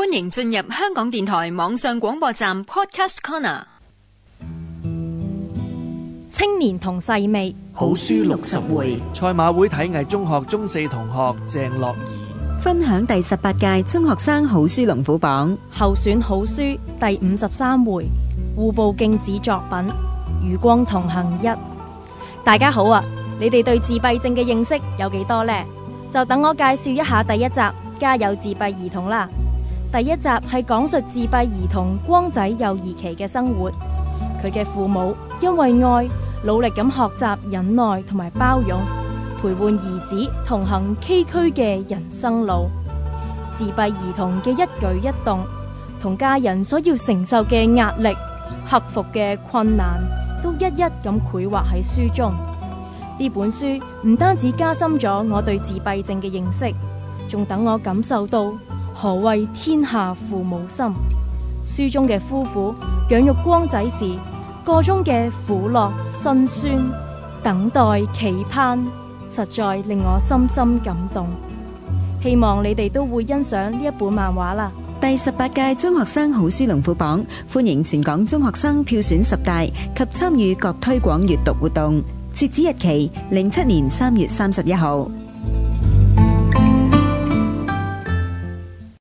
歡迎進入香港電台網上廣播站 Podcast Corner。青年同細味好書六十回。賽馬會體藝中學中四同學鄭樂怡分享第十八屆中學生好書龍虎榜候選好書第五十三回戶部敬子作品《與光同行一》。大家好啊，你哋對自閉症嘅認識有幾多呢？就等我介紹一下第一集，家有自閉兒童啦。第一集係講述自閉兒童光仔幼兒期嘅生活，佢嘅父母因為愛，努力咁學習忍耐同埋包容，陪伴兒子同行崎嶇嘅人生路。自閉兒童嘅一舉一動，同家人所要承受嘅壓力、克服嘅困難，都一一咁繪畫喺書中。呢本書唔單止加深咗我對自閉症嘅認識，仲等我感受到。何謂天下父母心？書中嘅夫婦養育光仔時，個中嘅苦樂辛酸、等待期盼，實在令我深深感動。希望你哋都會欣賞呢一本漫畫啦！第十八屆中學生好書龍虎榜，歡迎全港中學生票選十大及參與各推廣閱讀活動。截止日期：零七年三月三十一號。